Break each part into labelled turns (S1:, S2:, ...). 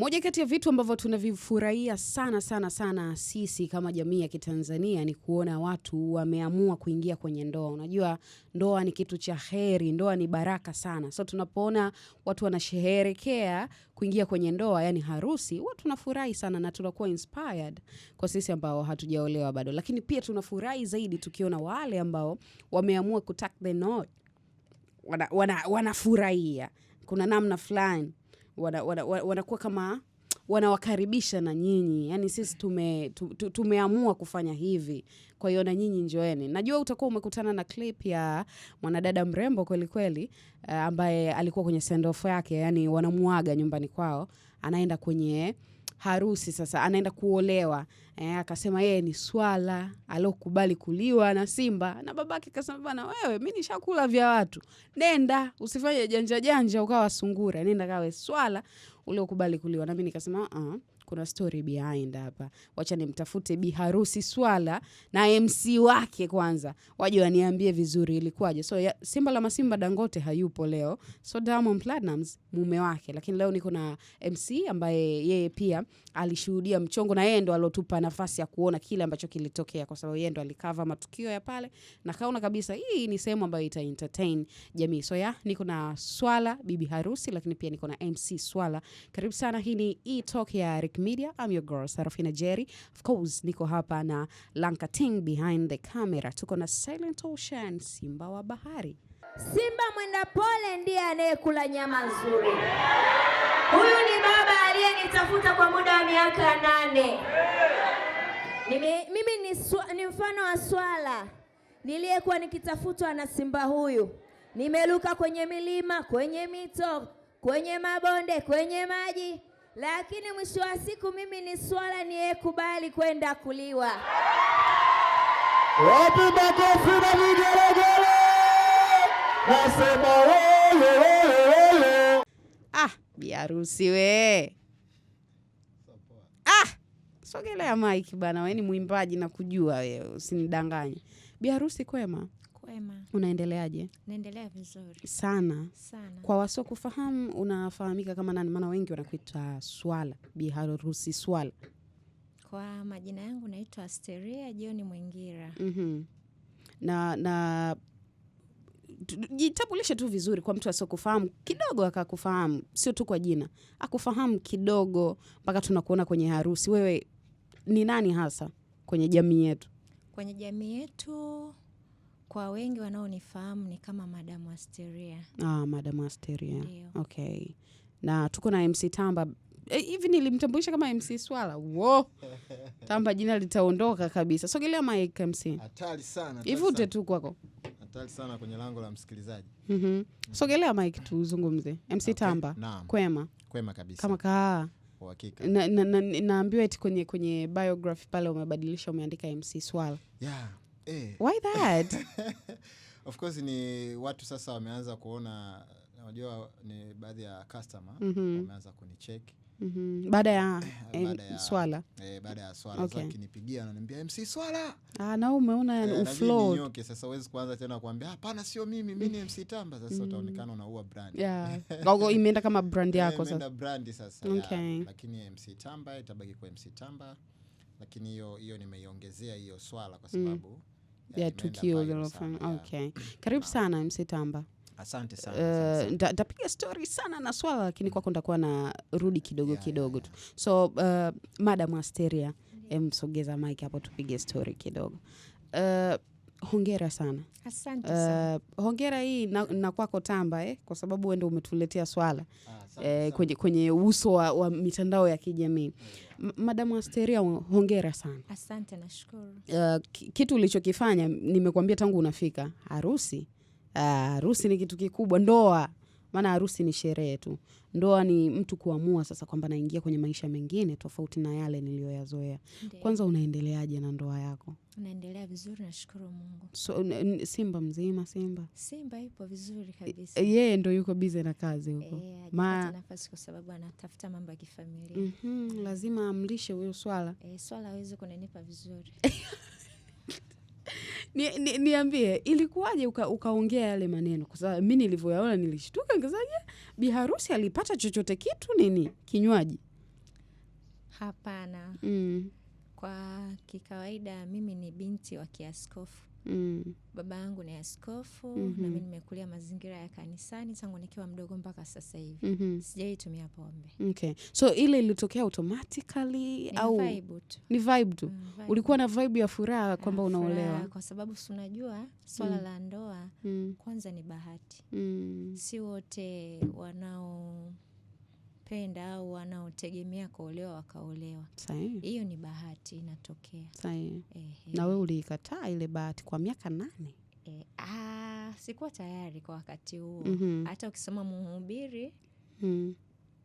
S1: Moja kati ya vitu ambavyo tunavifurahia sana sana sana sisi kama jamii ya Kitanzania ni kuona watu wameamua kuingia kwenye ndoa. Unajua, ndoa ni kitu cha heri, ndoa ni baraka sana. So tunapoona watu wanasherehekea kuingia kwenye ndoa, yani harusi, huwa tunafurahi sana na tunakuwa inspired kwa sisi ambao hatujaolewa bado, lakini pia tunafurahi zaidi tukiona wale ambao wameamua kutak the knot, wanafurahia wana, wana kuna namna fulani wanakuwa wana, wana, wana kama wanawakaribisha na nyinyi, yani sisi tume, tu, tumeamua kufanya hivi, kwa hiyo na nyinyi njoeni. Najua utakuwa umekutana na clip ya mwanadada mrembo kwelikweli uh, eh, ambaye alikuwa kwenye sendoff yake, yani wanamuaga nyumbani kwao, anaenda kwenye harusi sasa anaenda kuolewa e, akasema yeye ni swala aliokubali kuliwa na simba, na babake akasema bana, wewe mi nishakula vya watu, nenda usifanye janja janja ukawa sungura, nenda kawe swala uliokubali kuliwa. nami nikasema uh huh kuna story behind hapa. Wacha nimtafute bi harusi Swala na MC wake kwanza, waje waniambie vizuri ilikuwaje. So ya, Simba la Masimba Dangote hayupo leo, so Diamond Platnumz mume wake, lakini leo niko na MC ambaye yeye pia alishuhudia mchongo na yeye ndo alotupa nafasi ya kuona kile ambacho kilitokea, kwa sababu yeye ndo alikava matukio ya pale na kaona kabisa hii ni sehemu ambayo ita entertain jamii. So ya niko na Swala bibi harusi, lakini pia niko na MC Swala. Karibu sana, hii ni e-talk ya Rick Media. I'm your girl Sarafina Jerry. Of course, niko hapa na Lanka Ting behind the camera. Tuko na Silent Ocean, simba wa bahari.
S2: Simba mwenda pole ndiye anayekula nyama nzuri. Huyu ni baba aliyenitafuta kwa muda wa miaka nane. Nime, mimi ni, swa, ni mfano wa swala niliyekuwa nikitafutwa na simba huyu. Nimeluka kwenye milima, kwenye mito, kwenye mabonde, kwenye maji lakini mwisho wa siku mimi ni swala niyekubali kwenda kuliwa. Wapi makofi na vigelegele?
S1: Nasema wewe wewe wewe. Ah, biharusi we. Ah, sogelea maiki bana, wewe ni mwimbaji na kujua wewe, usinidanganye. Biharusi kwema? Wema. Unaendeleaje?
S2: Naendelea vizuri.
S1: Sana. Sana. Kwa wasiokufahamu unafahamika kama nani? Maana wengi wanakuita Swala, biharusi Swala.
S2: Kwa majina yangu naitwa Asteria Joni Mwingira.
S1: mm -hmm. na na jitambulishe tu vizuri kwa mtu asiokufahamu kidogo, akakufahamu sio tu kwa jina, akufahamu kidogo mpaka tunakuona kwenye harusi. Wewe ni nani hasa kwenye jamii yetu?
S2: Kwenye jamii yetu kwa wengi wanaonifahamu ni kama madam Asteria.
S1: Ah, madam Asteria. Ndiyo. Okay. Na tuko na MC Tamba eh, hivi e, nilimtambulisha kama MC Swala. Wo. Tamba jina litaondoka kabisa. Sogelea mic MC. Ivute tu kwako.
S3: Hatari sana kwenye lango la msikilizaji.
S1: Mhm. Mm mm. Sogelea mic tuzungumze. MC okay. Tamba. Kwema. Kwema kabisa. Kama kaa. naambiwa Na, na, na, na eti kwenye kwenye biography pale umebadilisha umeandika MC Swala.
S3: Yeah, eh.
S1: Why that?
S3: Of course ni watu sasa wameanza kuona, unajua ni baadhi ya customer mm -hmm. wameanza kunicheck
S1: mm -hmm. baada ya, eh, ya swala
S3: eh, baada ya swala okay. Sasa kinipigia ananiambia MC Swala
S1: ah, na umeona eh, uflow
S3: Sasa huwezi kuanza tena kuambia hapana, sio mimi, mimi ni MC Tamba. Sasa mm. utaonekana unaua brand
S1: yeah. Gogo imeenda kama brand eh, yako sasa, imeenda
S3: brand sasa okay. ya, lakini MC Tamba itabaki kwa MC Tamba, lakini hiyo hiyo nimeiongezea hiyo swala kwa mm. sababu mm
S1: ya yaani tukio lilofanya. Okay, karibu sana msitamba Asante sana. Uh, eh, ntapiga stori sana na swala lakini kwako ndakuwa na rudi kidogo yeah, kidogo tu yeah, So uh, Madam Asteria, emsogeza mike hapo tupige stori kidogo uh, Hongera sana.
S2: Asante eh, sana.
S1: Uh, hongera hii na, na kwako Tamba eh, kwa sababu wewe ndio umetuletea swala ah, eh, kwenye, kwenye uso wa, wa mitandao ya kijamii Madamu Asteria, hongera sana.
S2: Asante, nashukuru.
S1: Uh, kitu ulichokifanya nimekuambia tangu unafika harusi. Uh, harusi ni kitu kikubwa, ndoa maana harusi ni sherehe tu. Ndoa ni mtu kuamua sasa kwamba naingia kwenye maisha mengine tofauti na yale niliyoyazoea. Kwanza unaendeleaje na ndoa yako?
S2: Naendelea vizuri, nashukuru Mungu.
S1: So, Simba mzima, Simba
S2: Simba ipo vizuri kabisa.
S1: e, Yeye ndo yuko bize na kazi huko, e,
S2: Ma... nafasi kwa sababu anatafuta mambo ya kifamilia.
S1: mm -hmm, lazima amlishe huyo swala
S2: e, swala aweze kunenipa vizuri
S1: ni, ni, niambie ilikuwaje ukaongea uka yale maneno? Kwa sababu mi nilivyoyaona nilishtuka, nikazaje, biharusi alipata chochote kitu nini kinywaji?
S2: Hapana. mm. Kwa kikawaida mimi ni binti wa kiaskofu mm. baba yangu ni askofu mm -hmm. nami nimekulia mazingira ya kanisani tangu nikiwa mdogo mpaka sasa hivi mm -hmm. sijaitumia pombe
S1: okay. so ile ilitokea automatically
S2: ni au vibe tu.
S1: ni vibe tu mm, vibe. ulikuwa na vibe ya furaha kwamba unaolewa kwa
S2: sababu si unajua swala mm. la ndoa mm. kwanza ni bahati mm. si wote wanao wanaopenda au wanaotegemea kuolewa wakaolewa. Hiyo ni bahati inatokea.
S1: Na we uliikataa ile bahati kwa miaka nane.
S2: E, ah, sikuwa tayari kwa wakati huo. Mhm. -hmm. Hata ukisoma Mhubiri Mm.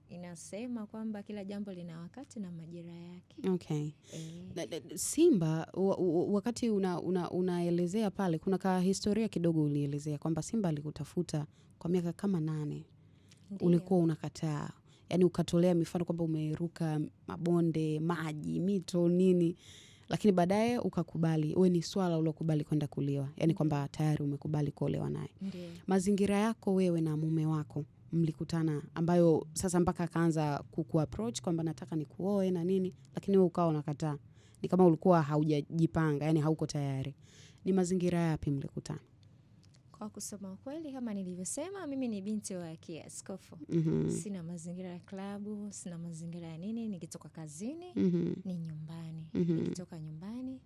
S2: inasema kwamba kila jambo lina wakati na majira yake. Okay. E,
S1: Simba wakati unaelezea wakati una, una, unaelezea pale kuna ka historia kidogo ulielezea kwamba Simba alikutafuta kwa miaka kama nane, ndiyo. ulikuwa unakataa yani ukatolea mifano kwamba umeruka mabonde, maji, mito, nini, lakini baadaye ukakubali, uwe ni swala uliokubali kwenda kuliwa, yani kwamba tayari umekubali kuolewa naye. Mazingira yako wewe na mume wako mlikutana, ambayo sasa mpaka akaanza kukuapproach kwamba nataka nikuoe na nini, lakini wewe ukawa unakataa, ni kama ulikuwa haujajipanga, yani hauko tayari. Ni mazingira yapi mlikutana?
S2: Kwa kusema ukweli, kama nilivyosema, mimi ni binti wa kiaskofu. mm -hmm. Sina mazingira ya klabu, sina mazingira ya nini. Nikitoka kazini mm -hmm. ni nyumbani mm -hmm. nikitoka nyumbani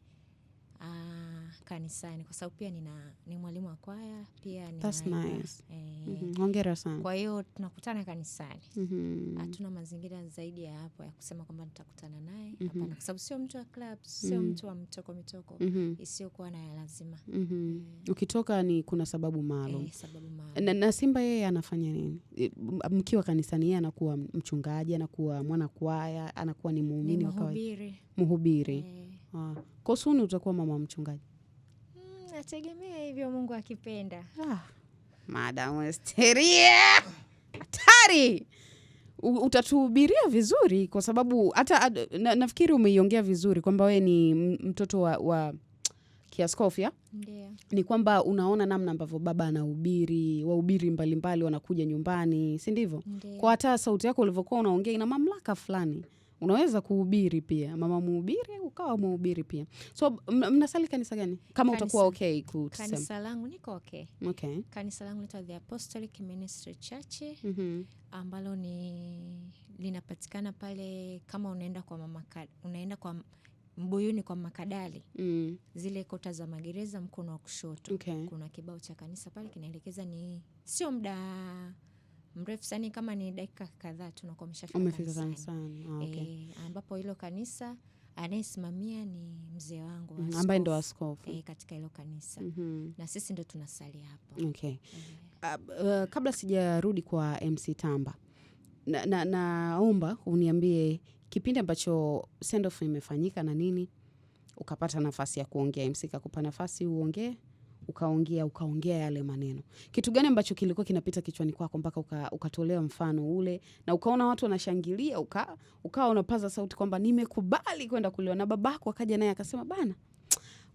S2: Ah, kanisani kwa sababu pia nina ni mwalimu wa kwaya pia
S1: nina, That's nice.
S2: Eh, mm -hmm.
S1: Hongera sana.
S2: Kwa hiyo tunakutana kanisani.
S1: mm -hmm.
S2: Hatuna mazingira zaidi ya hapo ya kusema kwamba nitakutana naye mm -hmm. Hapana, kwa sababu sio mtu wa club, sio mm -hmm. mtu wa mitoko mitoko mm -hmm. isiyokuwa na lazima
S1: mm -hmm. eh. Ukitoka ni kuna sababu maalum eh,
S2: sababu maalum.
S1: Na, na Simba yeye anafanya nini e, mkiwa kanisani? Yeye anakuwa mchungaji, anakuwa mwana kwaya, anakuwa ni muumini,
S2: mhubiri mhubiri eh.
S1: Ah, kwa suni utakuwa mama mchungaji?
S2: Mm, nategemea hivyo Mungu akipenda.
S1: Ah, Madam Esteria hatari, utatuhubiria vizuri kwa sababu hata na, nafikiri umeiongea vizuri kwamba we ni mtoto wa, wa kiaskofia yeah. Ni kwamba unaona namna ambavyo baba anahubiri, wahubiri mbalimbali wanakuja nyumbani, si ndivyo? Kwa hata sauti yako ulivyokuwa unaongea ina mamlaka fulani unaweza kuhubiri pia, mama muhubiri ukawa mhubiri pia. So mnasali kanisa gani kama utakuwa ok
S2: Kanisa langu niko ok, Okay. Kanisa langu naitwa The Apostolic Ministry Church mm -hmm. ambalo ni linapatikana pale kama unaenda kwa mama unaenda kwa Mbuyuni kwa Makadali mm. zile kota za magereza mkono wa kushoto okay. kuna kibao cha kanisa pale kinaelekeza ni sio mda mrefu sana, kama ni dakika kadhaa tunakuwa umeshafika
S1: ah, okay. e,
S2: ambapo hilo kanisa anayesimamia ni mzee wangu
S1: ambaye ndo askofu
S2: e, katika hilo kanisa mm -hmm. na sisi ndo tunasali hapo
S1: okay. E. Uh, uh, kabla sijarudi kwa MC Tamba naomba na, na uniambie kipindi ambacho sendoff imefanyika na nini ukapata nafasi ya kuongea MC kakupa nafasi uongee ukaongea ukaongea yale maneno. Kitu gani ambacho kilikuwa kinapita kichwani kwako mpaka uka, ukatolea mfano ule na ukaona watu wanashangilia, uka ukawa unapaza sauti kwamba nimekubali kwenda kuliwa, na babako akaja naye akasema, bana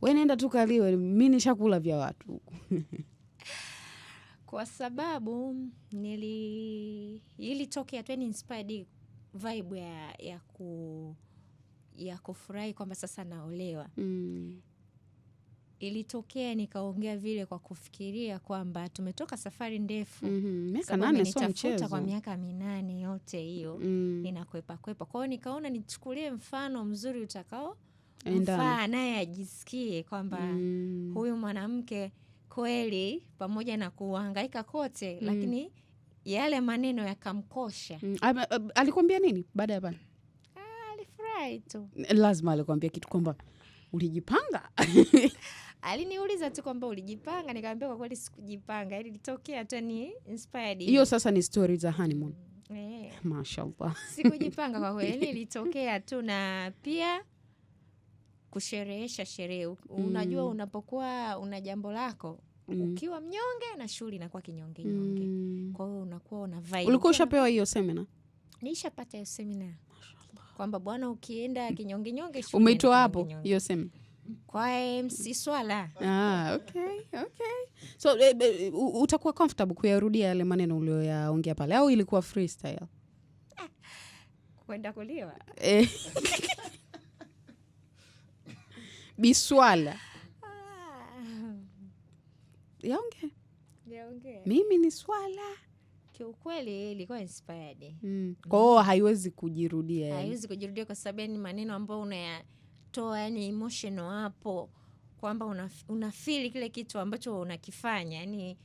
S1: we naenda tu kaliwe, mi nishakula vya watu
S2: kwa sababu nili ilitokea tu inspired vibe ya ya ku ya kufurahi kwamba sasa naolewa
S1: mm
S2: ilitokea nikaongea vile kwa kufikiria kwamba tumetoka safari ndefu mm -hmm. nitafuta kwa miaka minane yote hiyo mm. ninakwepa kwepa. Kwa hiyo nikaona nichukulie mfano mzuri utakao mfaa naye ajisikie kwamba mm. huyu mwanamke kweli, pamoja na kuhangaika kote mm. lakini yale maneno yakamkosha.
S1: Mm. Alikuambia nini baada ya pale?
S2: Ah, alifurahi tu,
S1: lazima alikuambia kitu kwamba ulijipanga?
S2: Aliniuliza tu kwamba ulijipanga, nikamwambia kwa kweli sikujipanga, yaani ilitokea tu, ni inspired.
S1: Hiyo sasa ni story za honeymoon. Mm, eh. Mashallah.
S2: Sikujipanga kwa kweli, ilitokea tu na pia kusherehesha sherehe. Mm. Unajua, unapokuwa una jambo lako Mm. Ukiwa mnyonge na shughuli inakuwa kinyonge
S1: nyonge. Mm.
S2: Kwa hiyo unakuwa una vibe.
S1: Ulikuwa ushapewa hiyo semina?
S2: Nishapata hiyo semina kwamba bwana, ukienda kinyongenyonge
S1: umeitwa hapo hiyo sehemu
S2: kwa mc swala.
S1: Ah, okay, okay. So e, e, utakuwa comfortable kuyarudia yale maneno ulioyaongea pale au ilikuwa freestyle?
S2: Kwenda kuliwa.
S1: Eh. Biswala.
S2: Ah. Yaongea. Yaongea.
S1: Mimi ni swala
S2: kiukweli ilikuwa inspired
S1: mm. kwa hiyo haiwezi kujirudia
S2: haiwezi kujirudia kwa sababu ni maneno ambayo unayatoa yani emotional hapo kwamba una, kile kitu ambacho unakifanya yani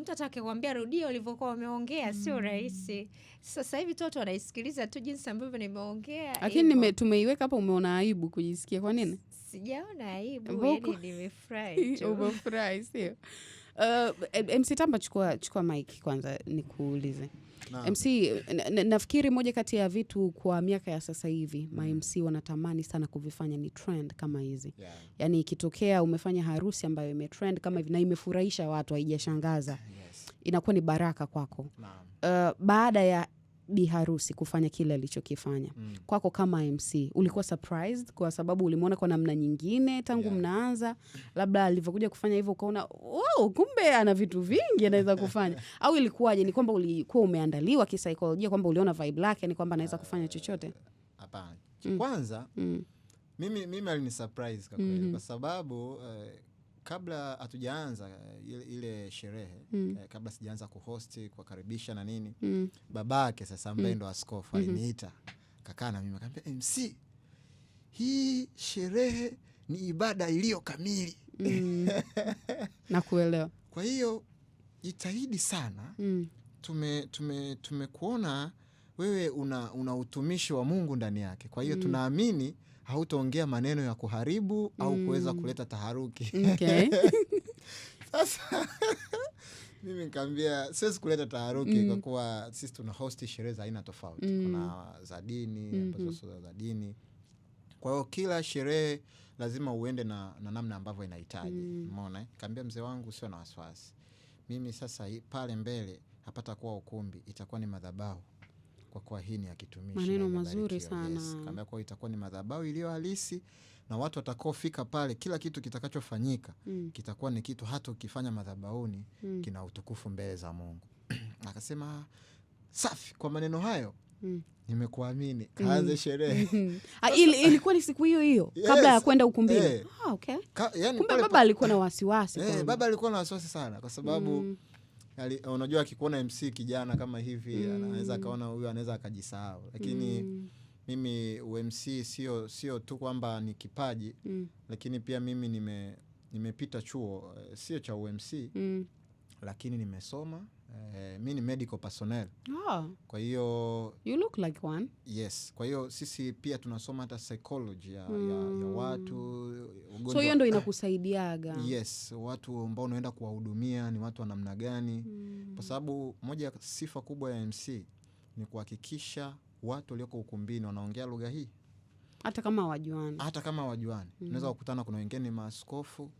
S2: mtu atake kuambia rudia ulivyokuwa umeongea mm. sio rahisi. Sasa hivi toto wanaisikiliza tu jinsi ambavyo nimeongea,
S1: lakini tumeiweka hapa Umeona aibu kujisikia? Kwa nini?
S2: Sijaona aibu, yani nimefurahi
S1: Umefurahi sio? Uh, eh, eh, MC Tamba, chukua, chukua mike kwanza nikuulize na. MC nafikiri moja kati ya vitu kwa miaka ya sasa hivi mm. ma MC wanatamani sana kuvifanya ni trend kama hizi yeah. Yaani ikitokea umefanya harusi ambayo imetrend kama hivi na imefurahisha watu haijashangaza yes. Inakuwa ni baraka kwako
S3: uh,
S1: baada ya biharusi kufanya kile alichokifanya mm. Kwako kama MC ulikuwa surprised kwa sababu ulimwona kwa namna nyingine tangu yeah. mnaanza, labda alivyokuja kufanya hivyo ukaona wow, kumbe ana vitu vingi anaweza kufanya au ilikuwaje? Ni kwamba ulikuwa umeandaliwa kisaikolojia kwamba uliona vibe lake ni kwamba anaweza kufanya chochote?
S3: Hapana. Mm. Kwanza mm. mimi, mimi alinisurprise kwa kweli mm. kwa sababu uh, kabla hatujaanza eh, ile, ile sherehe mm. eh, kabla sijaanza kuhosti kuwakaribisha na nini mm. babake sasa ambaye mm. ndo askofu mm-hmm. aliniita mm -hmm. kakaa na mimi akaambia eh, MC, hii sherehe ni ibada iliyo kamili
S1: mm. na kuelewa.
S3: Kwa hiyo jitahidi sana mm. tume tume tumekuona wewe una, una utumishi wa Mungu ndani yake, kwa hiyo mm. tunaamini hautaongea maneno ya kuharibu mm. au kuweza mm. kuleta taharuki okay. Sasa mimi nikaambia siwezi kuleta taharuki mm. kwa kuwa sisi tuna hosti sherehe za aina tofauti mm. kuna za dini mm -hmm. za dini kwa hiyo kila sherehe lazima uende na, na namna ambavyo inahitaji mona mm. kaambia mzee wangu sio na wasiwasi mimi sasa pale mbele hapata kuwa ukumbi itakuwa ni madhabahu kwa ni ya kitumishi.
S1: Maneno mazuri sana. Yes.
S3: Kaambia kwa itakuwa ni madhabahu iliyo halisi na watu watakaofika pale, kila kitu kitakachofanyika mm. kitakuwa ni kitu hata ukifanya madhabahuni mm. kina utukufu mbele za Mungu. Akasema safi, kwa maneno hayo Mm. Nimekuamini, mm. kaanze mm. Ah, sherehe
S1: ilikuwa ni siku hiyo hiyo yes. kabla ya kwenda ukumbini eh. ah, okay. Ka, yani kumbe baba alikuwa na wasiwasi
S3: eh, baba alikuwa na wasiwasi sana kwa sababu mm unajua akikuona MC kijana kama hivi mm. anaweza akaona huyu anaweza akajisahau, lakini mm. mimi UMC sio sio tu kwamba ni kipaji mm. lakini pia mimi nime nimepita chuo eh, sio cha UMC mm. lakini nimesoma Eh, mi ni medical personnel. Oh. Kwa hiyo
S1: you look like one.
S3: Yes. Kwa hiyo sisi pia tunasoma hata psychology ya, mm. ya, hmm. ya watu
S1: ugonjwa. So hiyo ndo inakusaidiaga.
S3: Yes, watu ambao unaenda kuwahudumia ni watu wa namna gani? Mm. Kwa sababu moja ya sifa kubwa ya MC ni kuhakikisha watu walioko ukumbini wanaongea lugha hii
S1: hata kama wajuani,
S3: hata kama wajuani. Mm. Unaweza kukutana, kuna wengine ni maaskofu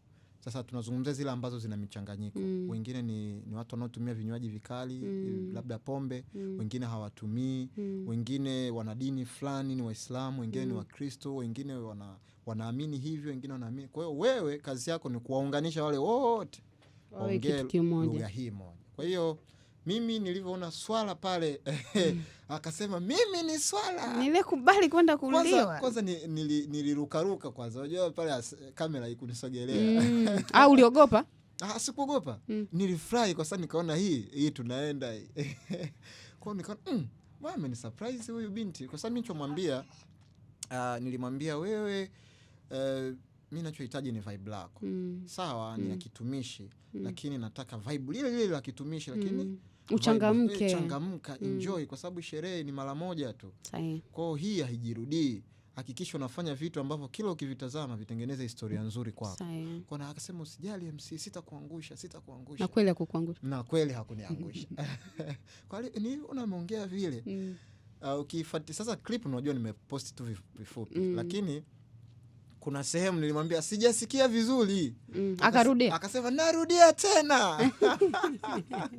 S3: sasa tunazungumzia zile ambazo zina michanganyiko mm. Wengine ni, ni watu wanaotumia vinywaji vikali mm. labda pombe mm. Wengine hawatumii mm. Wengine wana dini fulani, ni Waislamu, wengine mm. ni Wakristo, wengine wana, wanaamini hivyo, wengine wanaamini. Kwa hiyo wewe kazi yako ni kuwaunganisha wale wote waongee lugha hii moja. Kwa hiyo mimi nilivyoona swala pale mm. akasema mimi ni swala,
S1: nilikubali kwenda kuliwa.
S3: Kwanza nilirukaruka kwanza, unajua pale kamera ikunisogelea
S1: mm. au uliogopa?
S3: Ah, sikuogopa mm. Nilifurahi kwa sababu nikaona hii hii tunaenda hii. Kwa nikaona mm, mama ni surprise huyu binti, kwa sababu nilichomwambia uh, nilimwambia wewe uh, eh, mi nachohitaji ni vibe lako mm. sawa mm. ni ya mm. kitumishi mm. lakini nataka vibe lile lile la kitumishi lakini mm
S1: uchangamke,
S3: changamka, mm. enjoy mm. kwa sababu sherehe ni mara moja tu. Kwao hii haijirudii. Hakikisha unafanya vitu ambavyo kila ukivitazama vitengeneze historia nzuri kwako. Kwa na akasema usijali MC, sitakuangusha, sitakuangusha. Na kweli Na kweli hakuniangusha. Kwa hiyo ni unaongea vile. Mm. Uh, ukifati sasa clip unajua nimeposti tu vifupi mm. lakini kuna sehemu nilimwambia sijasikia vizuri
S1: mm. Akarudia
S3: akasema narudia tena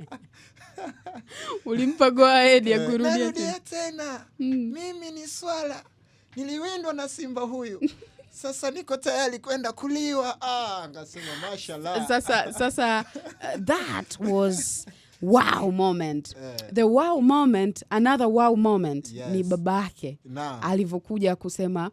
S1: ulimpa goaedi ya eh, kurudia
S3: tena, tena mm. Mimi ni swala niliwindwa na simba huyu sasa niko tayari kwenda kuliwa. Ah, ngasema mashallah.
S1: Sasa, sasa uh, that was wow moment yeah. The wow moment, another wow moment yes. Ni babake alivyokuja kusema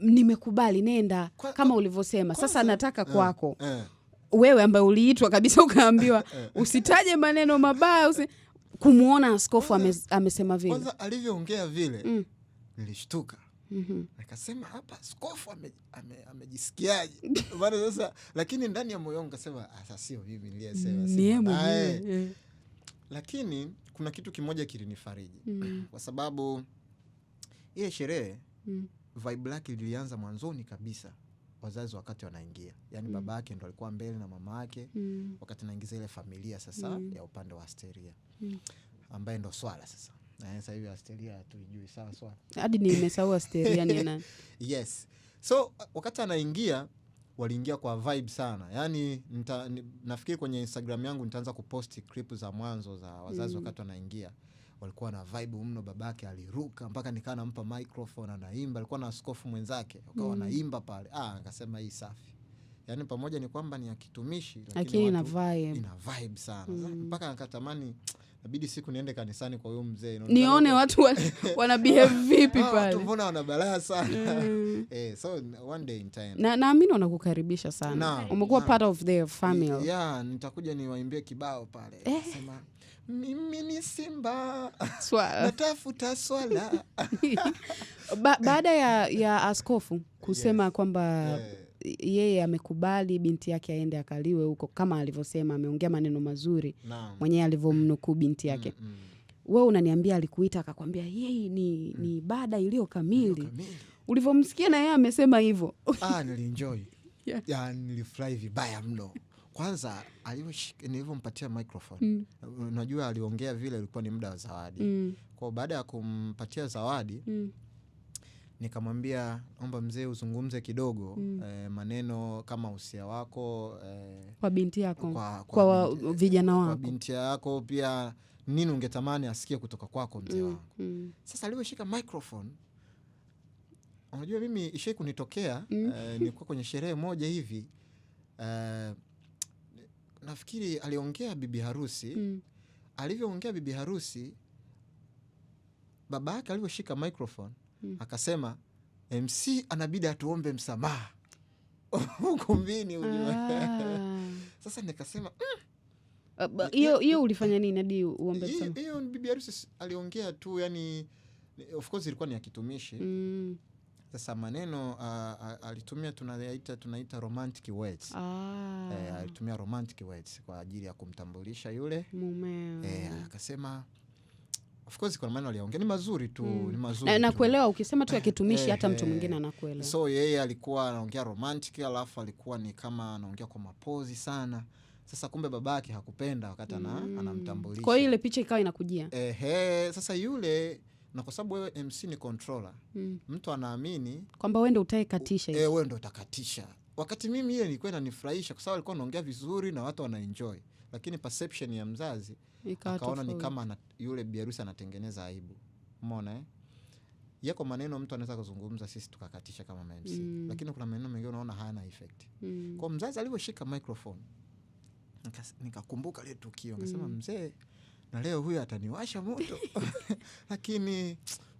S1: nimekubali, nenda kwa, kama ulivyosema. Sasa nataka eh, kwako eh, wewe ambaye uliitwa kabisa ukaambiwa eh, eh. usitaje maneno mabaya usi... kumwona askofu ames, amesema vile kwanza
S3: alivyoongea vile mm. nilishtuka Mm -hmm. Nikasema hapa skofu amejisikiaje? ame, ame sasa, lakini ndani ya moyo wangu kasema ah, sasa sio mimi niliyesema, lakini kuna kitu kimoja kilinifariji mm -hmm. kwa sababu ile sherehe mm -hmm vibe lake lilianza mwanzoni kabisa wazazi wakati wanaingia, yaani mm. baba yake ndo alikuwa mbele na mama yake mm. wakati naingiza ile familia sasa mm. ya upande wa asteria mm. ambaye ndo swala sasa sasa asteria tuijui sawa swala
S1: hadi nimesahau asteria ni nani?
S3: Yes, so wakati anaingia waliingia kwa vibe sana yaani nafikiri kwenye Instagram yangu nitaanza kuposti clip za mwanzo za wazazi mm. wakati wanaingia walikuwa na vibe mno, babake aliruka mpaka nikaa nampa microphone anaimba, alikuwa na askofu mwenzake wakawa mm. wanaimba pale. Ah, akasema hii safi. Yani pamoja ni kwamba ni ya kitumishi,
S1: lakini ina vibe,
S3: ina vibe sana mm. mpaka mm. nikatamani siku niende kanisani kwa huyo mzee
S1: nione watu wan, wana behave ah, vipi pale. Watu
S3: mbona wana balaa sana mm. eh, so one day in time
S1: na naamini wanakukaribisha sana, umekuwa part of their family
S3: yeah. Nitakuja niwaimbie kibao pale eh. Sema Mm. mimi ni simba swala. natafuta swala
S1: ba baada ya, ya askofu kusema yes. kwamba yeye amekubali binti yake aende akaliwe huko kama alivyosema, ameongea maneno mazuri no. mwenyewe alivyomnukuu binti yake mm, mm. We unaniambia alikuita akakwambia yeye ni, mm. ni ibada iliyo kamili. Ulivyomsikia na yeye amesema hivyo,
S3: ah, nilienjoy yeah. nilifurahi vibaya mno kwanza nilivyompatia microphone mm. Unajua aliongea vile, ilikuwa ni muda wa zawadi mm. Kwao baada ya kumpatia zawadi mm. Nikamwambia omba mzee uzungumze kidogo mm. eh, maneno kama usia wako eh,
S1: kwa binti yako kwa, kwa, kwa eh, vijana wako
S3: kwa binti yako pia, nini ungetamani asikie kutoka kwako mzee mm. wangu mm. Sasa alivyoshika microphone unajua mimi ishai kunitokea mm. eh, nilikuwa kwenye sherehe moja hivi eh, nafikiri aliongea bibi harusi mm. Alivyoongea bibi harusi, baba yake alivyoshika microphone mm. akasema MC anabidi atuombe msamaha ukumbini ah. Sasa nikasema mm.
S1: hiyo ulifanya nini hadi uombe Hiyo
S3: bibi harusi aliongea tu, yani of course ilikuwa ni ya kitumishi mm. Sasa maneno uh, alitumia tunaita tunaita romantic words.
S1: Ah.
S3: E, alitumia romantic words kwa ajili ya kumtambulisha yule
S1: mumewe.
S3: Eh, akasema Of course kwa maneno aliongea ni mazuri tu, mm. ni mazuri.
S1: Na, na kuelewa ukisema tu akitumishi eh, hata eh, mtu mwingine anakuelewa.
S3: So yeye alikuwa anaongea romantic alafu alikuwa ni kama anaongea kwa mapozi sana. Sasa kumbe babake hakupenda wakati mm. anamtambulisha.
S1: Kwa hiyo ile picha ikawa inakujia.
S3: Ehe, sasa yule na kwa sababu wewe MC ni controller mm. Mtu anaamini
S1: kwamba wewe ndio utakatisha
S3: eh, hiyo, eh, wewe ndio utakatisha. Wakati mimi ile nilikuwa inanifurahisha kwa sababu alikuwa anaongea vizuri na watu wana enjoy, lakini perception ya mzazi akaona ni kama ana, yule biharusi anatengeneza aibu. Umeona eh? Yako maneno mtu anaweza kuzungumza, sisi tukakatisha kama MC mm. Lakini kuna maneno mengine unaona hayana effect mm. Kwa mzazi alivyoshika microphone nikakumbuka nika lile tukio nikasema, mm. mzee na leo huyu ataniwasha moto lakini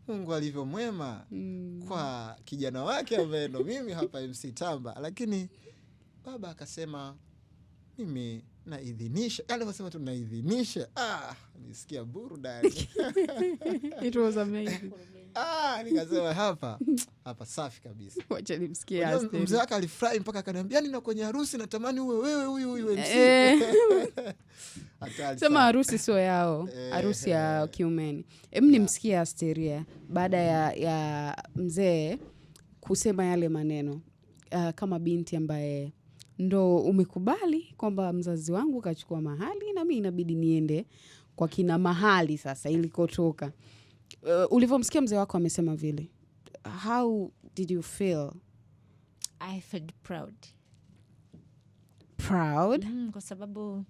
S3: Mungu alivyo mwema mm. kwa kijana wake ambaye ndo mimi hapa MC Tamba, lakini baba akasema mimi naidhinisha yale yaani wasema tu naidhinisha. Ah, nisikia burudani.
S1: It was amazing
S3: ah, nikasema hapa hapa safi kabisa. Wacha wake alifurahi mpaka akaniambia, yaani nina kwenye harusi natamani uwe wewe huyu huyu eh.
S1: Sema harusi sio yao, eh. harusi ya kiumeni. Hem, nimsikie Asteria baada ya, ya mzee kusema yale maneno uh, kama binti ambaye ndo umekubali kwamba mzazi wangu kachukua mahali na mi inabidi niende kwa kina mahali sasa ilikotoka uh, ulivyomsikia mzee wako amesema vile, how did you feel?
S2: I felt proud
S1: proud
S2: mm, kwa sababu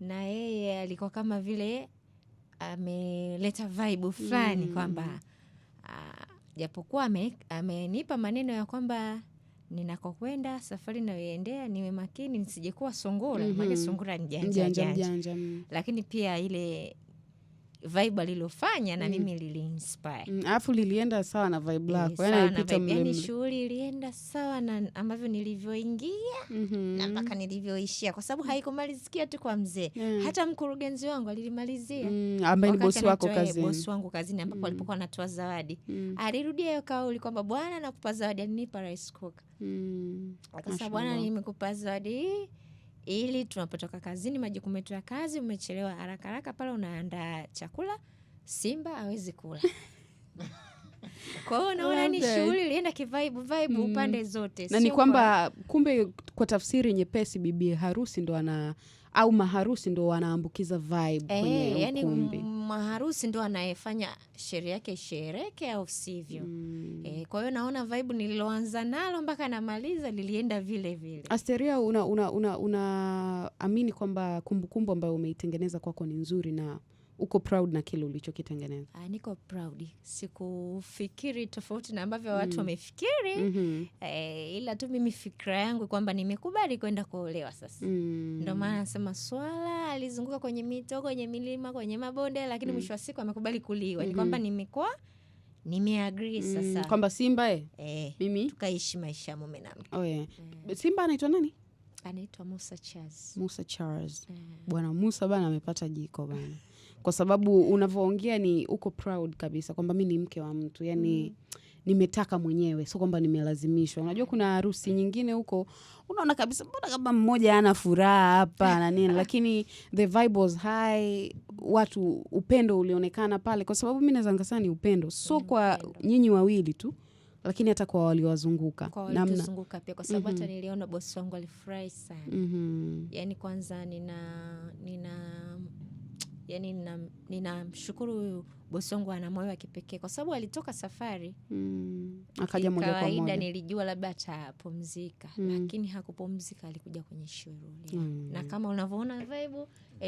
S2: na yeye alikuwa kama vile ameleta vibe fulani mm. kwamba ah, japokuwa ame, amenipa maneno ya kwamba ninakokwenda safari nayoendea niwe makini nisijekuwa sungura mm -hmm. Maana mm-hmm. sungura ni
S1: janja, mm.
S2: lakini pia ile Vibe alilofanya na mm. mimi lili inspire.
S1: Mm, alafu lilienda sawa na vibe eh, lako.
S2: Yaani, yaani shughuli ilienda sawa na ambavyo nilivyoingia mm -hmm. na mpaka nilivyoishia kwa sababu haikumalizikia tu kwa mzee mm. hata mkurugenzi wangu alilimalizia
S1: mm, ambaye ni bosi wako kazini.
S2: Bosi wangu kazini ambapo mm. alipokuwa anatoa zawadi mm. alirudia hiyo kauli kwamba bwana, nakupa zawadi, alinipa rice cooker
S1: mm.
S2: sababu bwana, nimekupa zawadi hii ili tunapotoka kazini, majukumu yetu ya kazi, umechelewa haraka haraka pale, unaandaa chakula, Simba hawezi kula kwa hiyo unaona ni shughuli ilienda kivaibu vaibu mm. upande zote
S1: na ni kwamba kwa... kumbe kwa tafsiri nyepesi bibi harusi ndo ana au maharusi ndo wanaambukiza vibe e, kwenye yani ukumbi.
S2: Maharusi ndo anayefanya sherehe yake shereke au sivyo mm kwa hiyo naona vibe nililoanza nalo mpaka namaliza lilienda vile vile.
S1: Asteria, unaamini una, una, una kwamba kumbukumbu ambayo umeitengeneza kwako ni nzuri na uko proud na kile ulichokitengeneza?
S2: Ah, niko proud, sikufikiri tofauti na ambavyo watu mm. wamefikiri. mm -hmm. E, ila tu mimi fikra yangu kwamba nimekubali kwenda kuolewa sasa. mm. Ndio maana nasema swala alizunguka kwenye mito, kwenye milima, kwenye mabonde, lakini mm. mwisho mm. wa siku amekubali kuliwa. mm -hmm. ni mm-hmm. kwamba nimekuwa Nimeagree mm, sasa. Mm,
S1: kwamba Simba eh. Eh, mimi
S2: tukaishi maisha mume na mke.
S1: Oh, yeah. Mm. Simba anaitwa nani?
S2: Anaitwa Musa Charles.
S1: Musa Charles. Mm. Bwana Musa bana amepata jiko bana. Kwa sababu unavyoongea ni uko proud kabisa kwamba mi ni mke wa mtu. Yaani mm nimetaka mwenyewe, sio kwamba nimelazimishwa. Unajua kuna harusi nyingine huko unaona kabisa, mbona kama mmoja ana furaha hapa na nini, lakini the vibe was high, watu upendo ulionekana pale, kwa sababu mi naweza nikasema ni upendo, sio kwa nyinyi wawili tu lakini hata kwa waliowazunguka
S2: namnazunguka pia kwa sababu hata mm -hmm. niliona bosi wangu alifurahi sana
S1: mm -hmm.
S2: Yaani kwanza nina nina yani ninamshukuru nina huyu bosi wangu ana moyo wa kipekee kwa sababu alitoka safari
S1: mm. akaja moja kwa moja.
S2: Nilijua labda atapumzika mm. lakini hakupumzika, alikuja kwenye shughuli mm. na kama unavyoona vibe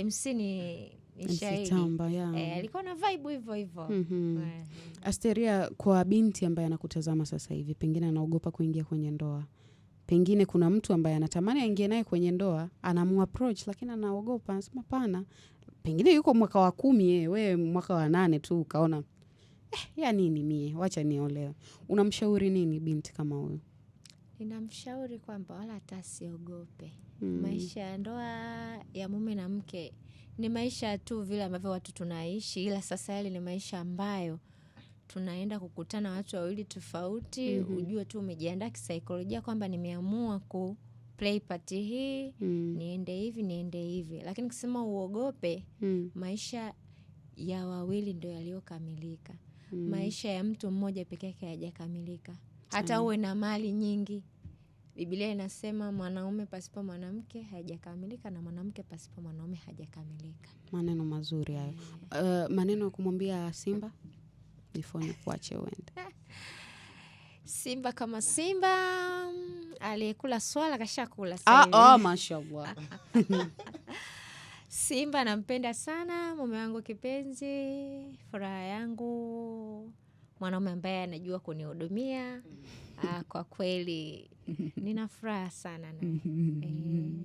S2: MC ni, ni ya
S1: yeah.
S2: E, alikuwa na vibe hivyo hivyo
S1: mm -hmm. yeah. Asteria, kwa binti ambaye anakutazama sasa hivi, pengine anaogopa kuingia kwenye ndoa pengine kuna mtu ambaye anatamani aingie naye kwenye ndoa, approach lakini anaogopa, anasema pana, pengine yuko mwaka wa kumi eh, we mwaka wa nane tu ukaona eh, ya nini mie wacha niolewe unamshauri nini binti kama huyo
S2: ninamshauri kwamba wala atasiogope mm. maisha ya ndoa ya mume na mke ni maisha tu vile ambavyo watu tunaishi ila sasa yale ni maisha ambayo tunaenda kukutana watu wawili tofauti mm-hmm. ujue tu umejiandaa kisaikolojia kwamba nimeamua ku play part hii mm. niende hivi niende hivi, lakini kusema uogope mm. maisha ya wawili ndio yaliyokamilika mm. maisha ya mtu mmoja peke yake hayajakamilika, hata uwe na mali nyingi. bibilia inasema mwanaume pasipo mwanamke hajakamilika na mwanamke pasipo mwanaume hajakamilika.
S1: Maneno mazuri hayo. Yeah. Uh, eh, maneno ya kumwambia Simba before kuache uende
S2: Simba kama Simba mm, aliyekula swala kashakula ah,
S1: sasa Ah, oh, mashallah.
S2: Simba nampenda sana mume wangu kipenzi, furaha yangu, mwanaume ambaye anajua kunihudumia. Ah, kwa kweli nina furaha sana na Eh.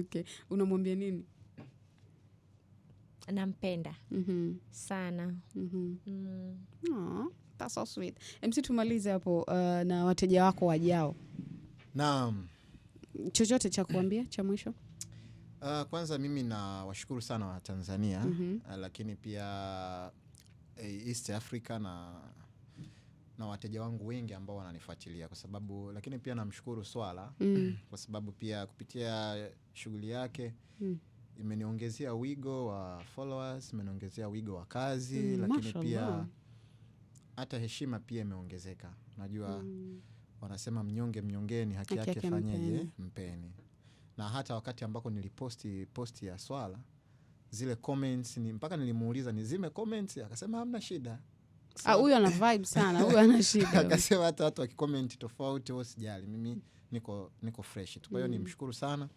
S1: Okay. Unamwambia nini?
S2: Nampenda mm-hmm. Mm-hmm. mm -hmm. sana mm -hmm.
S1: mm. Oh, that's so sweet. MC, tumalize hapo uh, na wateja wako wajao Naam. Chochote cha kuambia cha mwisho?
S3: Uh, kwanza mimi na washukuru sana wa Tanzania mm -hmm. Lakini pia eh, East Africa na na wateja wangu wengi ambao wananifuatilia kwa sababu, lakini pia namshukuru Swala mm. kwa sababu pia kupitia shughuli yake mm. imeniongezea wigo wa followers, imeniongezea wigo wa kazi
S1: mm, lakini mashallah. pia
S3: hata heshima pia imeongezeka, najua mm wanasema mnyonge mnyongeni, haki yake fanyeje, mpeni. mpeni Na hata wakati ambako niliposti posti ya swala zile comments ni mpaka nilimuuliza nizime comments, akasema hamna shida.
S1: Ah, huyo ana vibe sana, huyo ana shida.
S3: Akasema hata watu wakicomment tofauti wao sijali, mimi niko niko fresh tu. Kwa hiyo mm, nimshukuru sana,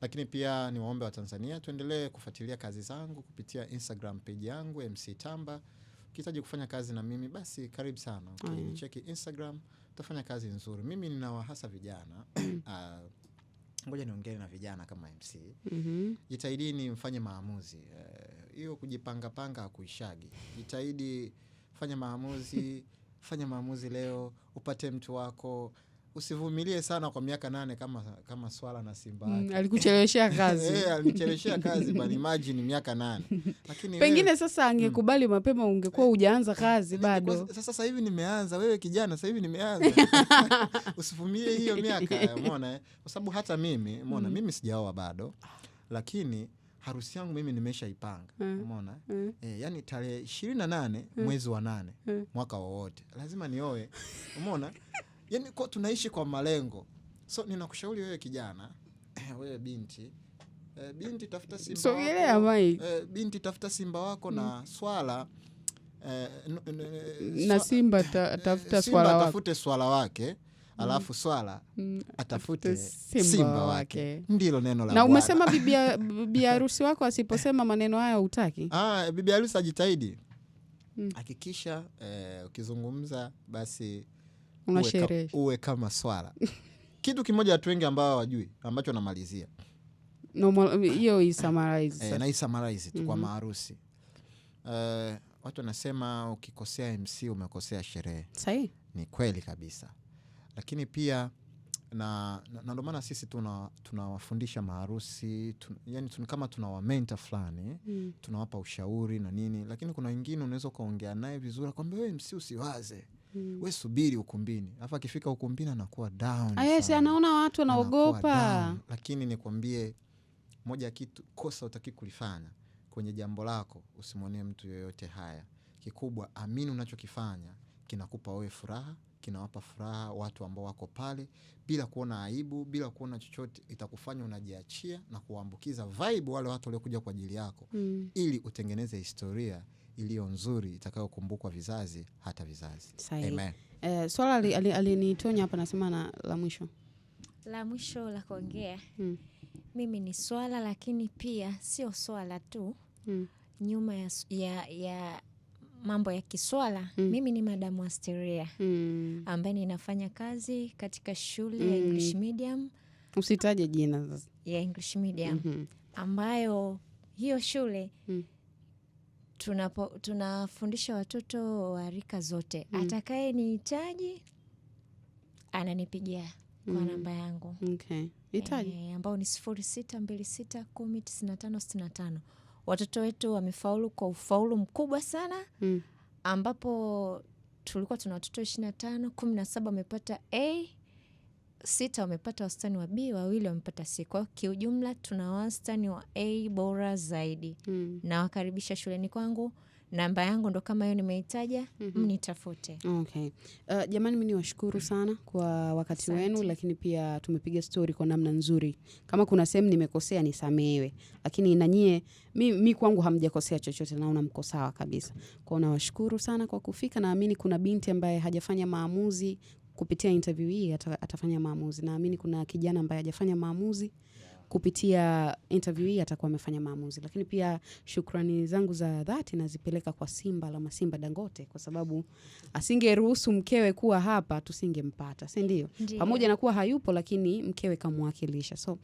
S3: lakini pia niwaombe Watanzania tuendelee kufuatilia kazi zangu kupitia Instagram page yangu MC Tamba. Ukihitaji kufanya kazi na mimi basi karibu sana, mm. cheki Instagram tutafanya kazi nzuri. Mimi ninawahasa vijana uh, niongee na vijana kama MC. mm -hmm. Jitahidini mfanye maamuzi eh, hiyo. Uh, kujipangapanga hakuishagi. Jitahidi fanya maamuzi fanya maamuzi leo, upate mtu wako usivumilie sana kwa miaka nane kama, kama Swala na Simba mm,
S1: eh, alikucheleweshea kazi
S3: e, alinicheleweshea kazi bali imagine miaka nane
S1: lakini pengine wewe, sasa angekubali mm, mapema ungekuwa eh. hujaanza kazi bado.
S3: Sasa hivi nimeanza, wewe kijana, sasa hivi nimeanza usivumilie hiyo miaka eh, umeona, kwa sababu hata mimi umeona mm, mimi sijaoa bado lakini harusi yangu mimi nimeshaipanga umeona mm. mm. E, yani tarehe ishirini na nane mm. mwezi wa nane mm. mwaka wowote lazima nioe umeona yani kwa tunaishi kwa malengo. So ninakushauri wewe kijana, wewe binti, e, binti tafuta simba
S1: so, wako, yeah, eh,
S3: e, binti tafuta simba wako mm. Eh, na swala e,
S1: na simba ta, tafuta simba swala
S3: tafute swala wake mm. alafu swala mm, atafute simba, simba wake. Ndilo neno la na
S1: umesema bibi harusi wako asiposema maneno haya utaki
S3: Ah, bibi harusi ajitahidi, mm. hakikisha mm. eh, ukizungumza basi uwe kama swala kitu kimoja watu wengi ambao hawajui ambacho namalizia
S1: hiyo e, tu mm
S3: -hmm. kwa mhm. maarusi uh, eh, watu wanasema ukikosea mc umekosea sherehe sahi ni kweli kabisa lakini pia na ndio maana sisi tunawafundisha tuna maharusi tun, yani tun, kama tunawamenta fulani mm. tunawapa ushauri na nini, lakini kuna wengine unaweza ukaongea naye vizuri akwambia, wewe msi usiwaze mm. we subiri ukumbini. Alafu akifika ukumbini anakuwa down,
S1: ah, anaona watu anaogopa.
S3: Lakini nikwambie moja ya kitu kosa utaki kulifanya kwenye jambo lako, usimwonee mtu yoyote haya. Kikubwa amini unachokifanya kinakupa wewe furaha, kinawapa furaha watu ambao wako pale, bila kuona aibu, bila kuona chochote. Itakufanya unajiachia na kuwaambukiza vibe wale watu waliokuja kwa ajili yako mm. ili utengeneze historia iliyo nzuri itakayokumbukwa vizazi hata vizazi.
S1: eh, swala alinitonya hapa nasema na la mwisho
S2: la mwisho la kuongea hmm. Mimi ni swala lakini pia sio swala tu hmm. Nyuma ya, ya, ya mambo ya kiswala mm. Mimi ni madamu asteria
S1: mm.
S2: ambaye ninafanya kazi katika shule mm. ya hmm. English medium,
S1: usitaje jina sasa,
S2: ya English medium mm -hmm. ambayo hiyo shule mm tunapo, tunafundisha watoto wa rika zote mm. Atakaye nihitaji ananipigia kwa mm. namba yangu
S1: okay. E,
S2: ambao ni sifuri sita mbili sita kumi tisina tano sitina tano. Watoto wetu wamefaulu kwa ufaulu mkubwa sana mm. ambapo tulikuwa tuna watoto ishirina na tano kumi na saba wamepata A sita wamepata wastani wa B, wawili wamepata C. Kwa kiujumla tuna wastani wa A bora zaidi mm. Nawakaribisha shuleni kwangu, namba yangu ndo kama hiyo nimeitaja, mhm. mnitafute.
S1: mm -hmm. Okay. Uh, jamani mi ni washukuru sana kwa wakati Sante. wenu, lakini pia tumepiga stori kwa namna nzuri. Kama kuna sehemu nimekosea nisamehewe, lakini nanyie mi, mi kwangu hamjakosea chochote, naona mko sawa kabisa kwao. Nawashukuru sana kwa kufika. Naamini kuna binti ambaye hajafanya maamuzi kupitia interview hii ata, atafanya maamuzi. Naamini kuna kijana ambaye hajafanya maamuzi kupitia interview hii atakuwa amefanya maamuzi. Lakini pia shukrani zangu za dhati nazipeleka kwa Simba la Masimba Dangote, kwa sababu asingeruhusu mkewe kuwa hapa tusingempata, si ndio? Pamoja na kuwa hayupo, lakini mkewe kamwakilisha. So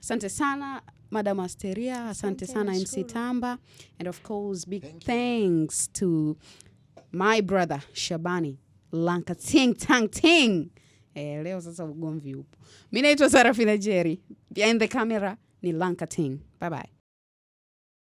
S1: asante sana Madam Asteria, asante sana MC Tamba, and of course big thanks to my brother Shabani lanka ting tang ting. Eh, leo sasa ugomvi upo. Mimi naitwa Sarafina Jerry. Behind the camera ni Lanka Ting. Bye bye.